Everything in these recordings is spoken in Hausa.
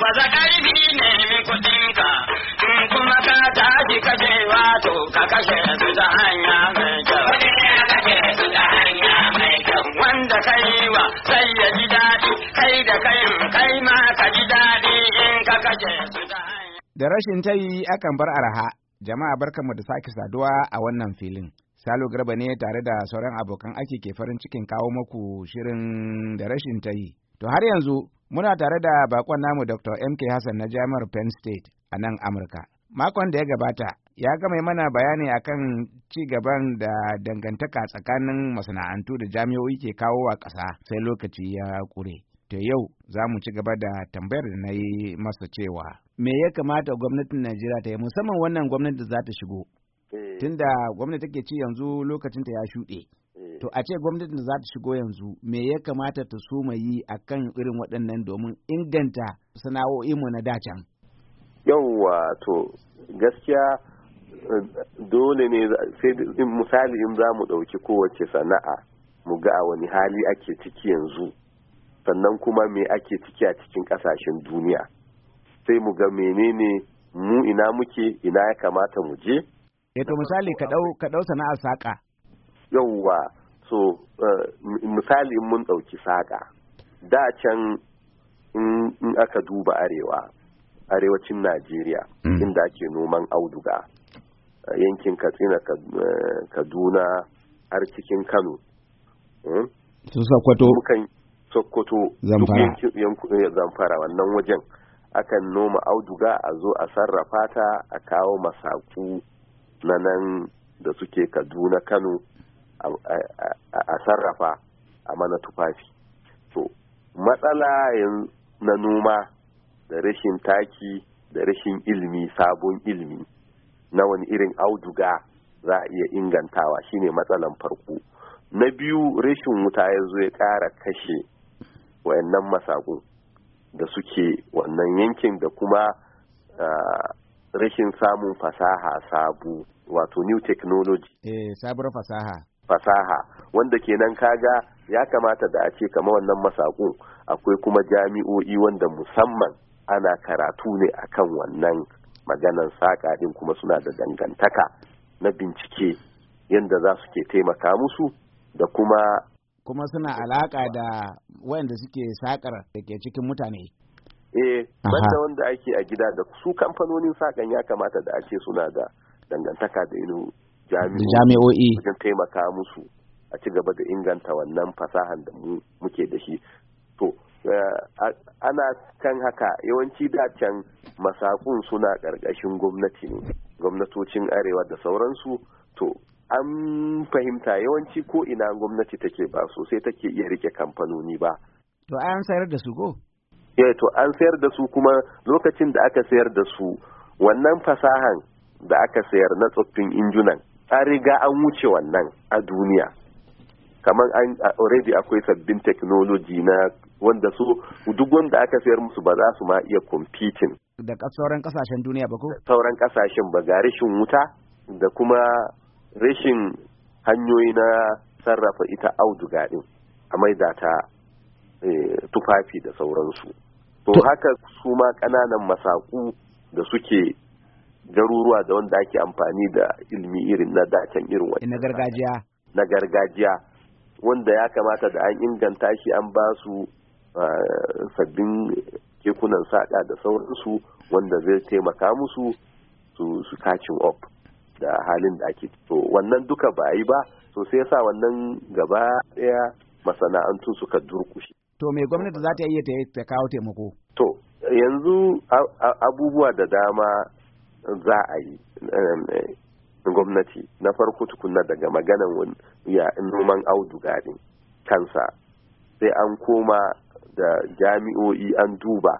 baza ƙarfi ne kuɗinka in kuma ka tashi kashe wato ka kashe su ta hanya mai kyau. Wanda ka yi wa sai ya ji daɗi kai da kayin kai ma ka ji daɗi in ka kashe su ta hanya. Da rashin tayi akan bar arha jama'a barkanmu da sake saduwa a wannan filin. Salo Garba ne tare da sauran abokan aiki ke farin cikin kawo maku shirin da rashin tayi. To har yanzu Muna tare da bakon namu Dr. MK Hassan na Jami'ar Penn State a nan Amurka. Makon da ya gabata ya gama mana bayani akan ci gaban da dangantaka tsakanin masana'antu da jami'o'i ke kawo wa ƙasa sai lokaci ya ƙure. To yau za mu ci gaba da tambayar da na yi masa cewa me ya kamata gwamnatin Najeriya ta yi musamman wannan gwamnati za ta shigo. Eh. Tunda gwamnati take ci yanzu lokacinta ya shuɗe. To a ce gwamnatin za ta shigo yanzu me ya kamata ta suma yi a kan irin waɗannan domin inganta sana'o'inmu na dacan? Yawwa to gaskiya dole ne sai misali in za mu ɗauki kowace sana'a mu ga a wani hali ake ciki yanzu sannan kuma me ake ciki a cikin ƙasashen duniya sai mu ga menene mu ina muke ina ya kamata mu je. Eto eh, misali ka ɗau sana'ar saƙa. Yawwa so uh, misali mun ɗauki saƙa da can in aka duba arewa arewacin najeriya mm. inda ake noman auduga yankin katsina eh, kaduna har cikin kano hmm? sokoto sokoto eh, zamfara wannan wajen akan noma auduga a zo a sarrafa ta a kawo masaku na nan da suke kaduna kano a sarrafa a mana tufafi to matsala na noma da rashin taki da rashin ilimi sabon ilimi na wani irin auduga za a iya ingantawa shine matsalan farko na biyu rashin wuta ya zo ya ƙara kashe wayannan masago da suke wannan yankin da kuma rashin samun fasaha sabu wato new technology eh sabuwar fasaha fasaha wanda kenan kaga ya kamata da a ce kama wannan masakun akwai kuma jami'o'i wanda musamman ana karatu ne akan wannan maganan saƙa ɗin kuma suna da dangantaka na bincike yadda za su ke taimaka musu da kuma kuma suna alaƙa da wayanda suke saƙar da ke cikin mutane eh banda wanda ake a gida da su kamfanonin saƙan ya kamata da ake suna da dangantaka da irin jami'o'i wajen taimaka musu a ci gaba da inganta wannan fasahan da mu muke da shi to eh, ana kan haka yawanci da can masakun suna ƙarƙashin gwamnati ne gwamnatocin arewa da sauransu to an fahimta yawanci ko ina gwamnati take ba sosai take iya rike kamfanoni ba to an sayar da su go eh to an sayar da su kuma lokacin da aka sayar da su wannan fasahan da aka sayar na tsoffin injunan an riga an wuce wannan a duniya kamar an already akwai sabbin technology na wanda su duk wanda aka sayar musu ba za su ma iya competing da sauran kasashen duniya ba ko sauran kasashen ba ga rashin wuta da kuma rashin hanyoyi na sarrafa ita auduga din a maida ta eh, tufafi da sauransu to haka su ma ƙananan masaku da suke garuruwa da wanda ake amfani da ilmi irin na dacen irin wani na gargajiya na gargajiya wanda ya kamata da an inganta shi an ba su ah, sabbin kekunan saƙa da sauransu wanda zai taimaka musu su catching up da halin da ake to wannan duka ba yi ba to sai sa wannan gaba ɗaya masana'antu suka durkushe to me gwamnati za ta iya ta kawo taimako to yanzu abubuwa da dama za a yi ehm, eh, gwamnati na farko tukuna daga maganan ya noman auduga din kansa sai an koma da jami'o'i an duba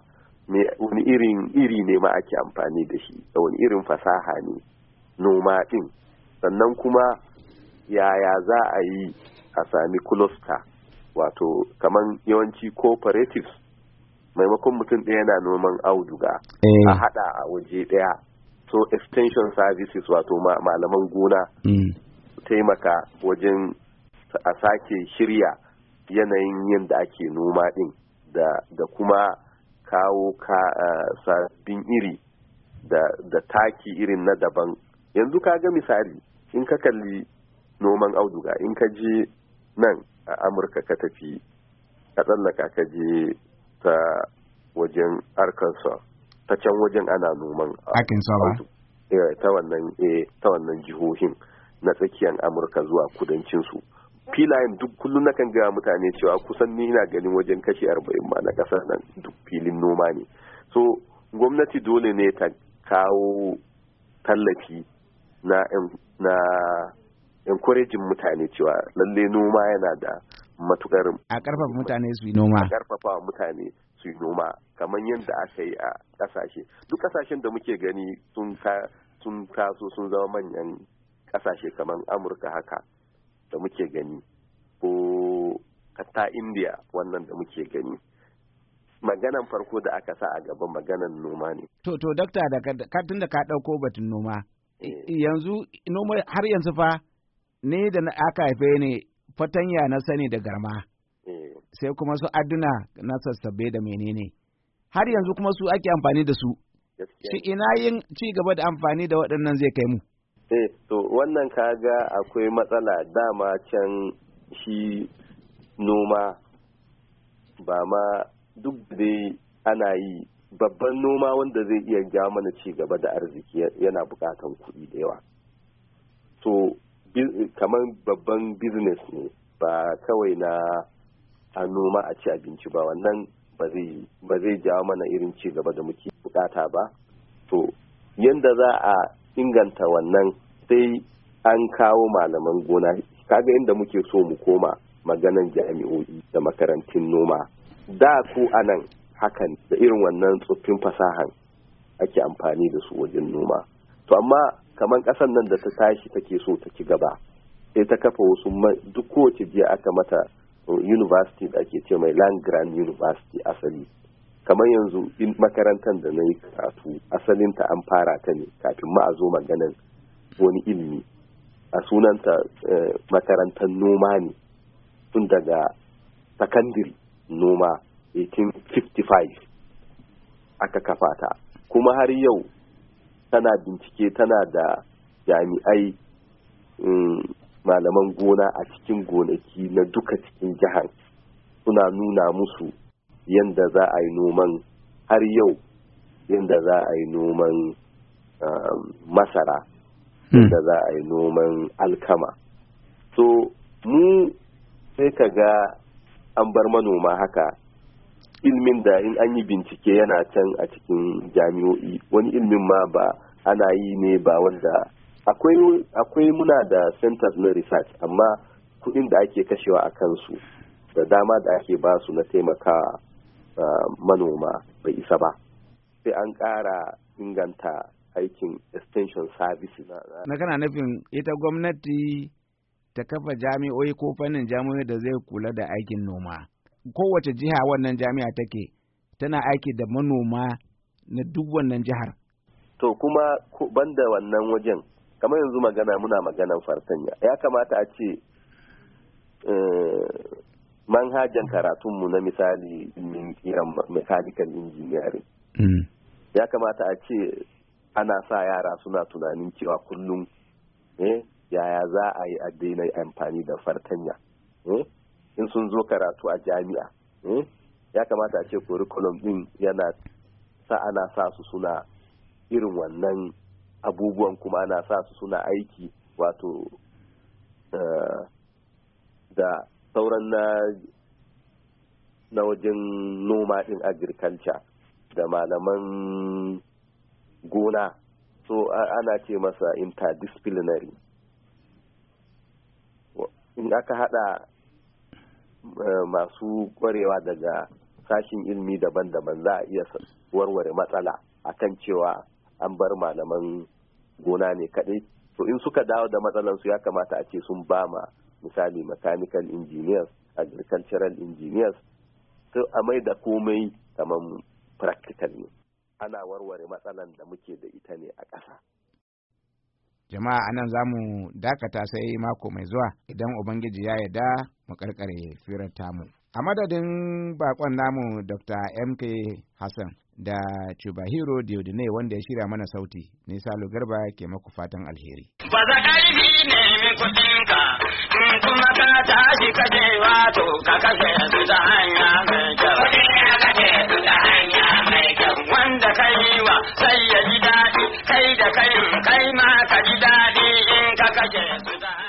wani irin iri ne ma ake amfani da shi da wani irin fasaha ne noma din sannan kuma yaya za a yi a sami kulosta wato kamar yawanci cooperatives maimakon mutum ɗaya na noman auduga a eh. hada a waje ɗaya so extension services wato malaman gona mm. taimaka wajen a sake shirya yanayin yin da ake noma din. da kuma kawo ka, sabbin iri da taki irin na daban yanzu ka ga misali in ka kalli noman auduga in ka je nan a amurka ka tafi a tsallaka ka je ta wajen arkansas ta can wajen ana noman eh, ta wannan eh, ta wannan jihohin na tsakiyar amurka zuwa kudancin su filayen duk kullum na kan gaya mutane cewa kusan ni na ganin wajen kashe arba'in ma na kasar nan duk filin noma ne so gwamnati dole ne ta kawo tallafi na na encouraging mutane cewa lalle noma yana da matukar a karfafa mutane su yi noma a karfafa mutane su noma kamar yadda aka yi a kasashe duk kasashen da muke gani sun taso sun zama manyan kasashe kamar amurka haka da muke gani ko ta india wannan da muke gani maganan farko da aka sa a gaba maganan noma ne to to dakta da katin da ka ɗauko batun noma eh. yanzu noma har yanzu fa ne da aka haife ne fatanya na sani da garma sai kuma su aduna na sassabe da menene har yanzu kuma su ake amfani da su shi ina yin ci gaba da amfani da waɗannan zai kai mu eh to wannan kaga akwai matsala dama can shi noma ba ma duk dai ana yi babban noma wanda zai iya ja mana ci gaba da arziki yana bukatan kuɗi da yawa to kamar babban business ne ba kawai na a noma a ci abinci ba wannan ba zai jawo mana irin ci gaba da muke bukata ba to yadda za a inganta wannan sai an kawo malaman gona kaga inda muke so mu koma maganan jami'o'i da makarantun noma da ku anan hakan da irin wannan tsoffin fasahan ake amfani da su wajen noma to amma kamar ƙasar nan da ta tashi take so ta ci gaba sai ta kafa wasu duk kowace jiya aka mata university da ake ce mai land grand university asali kamar yanzu in makarantar da na yi karatu asalinta an fara ta ne kafin ma a zo maganan wani ilimi a sunanta eh, makarantar noma ne tun daga sakandiri noma 1855 aka kafa ta kuma har yau tana bincike tana da jami'ai mm, malaman gona a cikin gonaki na duka cikin jihar suna nuna musu yadda za a yi noman har yau yadda za a yi noman um, masara hmm. yadda za a yi noman alkama so mu sai ka ga an bar manoma haka ilmin da in an yi bincike yana can a cikin jami'o'i wani ilmin ma ba ana yi ne ba wanda akwai muna da centers na research amma kudin da ake kashewa a kansu da dama da ake ba su na taimaka ah, manoma bai isa ba sai an ƙara inganta aikin extension service na kana nufin ita gwamnati ta kafa jami'oi ko fannin jami'oi da zai kula da aikin noma kowace jiha wannan jami'a take tana aiki da manoma na duk wannan jihar to kuma banda wannan wajen kamar yanzu magana muna maganan fartanya ya kamata a ce eh, manhajan karatunmu na misali kiran mechanical engineering mm. ya kamata a ce ana sa yara suna tunanin cewa kullum eh, yaya za a yi a daina amfani da fartanya eh, in sun zo karatu a jami'a ya kamata a ce curriculum din yana sa ana sa su suna irin wannan abubuwan kuma ana sa su suna aiki wato eh, da sauran na na wajen noma din agriculture da malaman gona so ana ce masa interdisciplinary in aka hada eh, masu kwarewa daga sashin ilmi daban-daban za a iya warware matsala akan cewa an bar malaman gona ne kadai to in suka dawo da su ya kamata a ce sun ba ma misali mechanical engineers agricultural engineers to a mai da komai kamar practical ne ana warware matsalan da muke da ita ne a ƙasa jama'a anan za mu dakata sai mako mai zuwa idan ubangiji ya yarda mu karkare firar tamu A madadin bakon namu Dr. MK Hassan da Chubahiro Diodine wanda ya shirya mana sauti, ni nisa Garba ke maku fatan alheri. Ba za ƙarfi ne min kuɗinka, in kuma ka tashi ka je wato ka kashe su hanya mai kyau. Kuɗi ka kashe su ta hanya mai kyau. Wanda ka yi wa sai ya ji daɗi, kai da kai kai ma ka ji daɗi in ka kashe su ta hanya.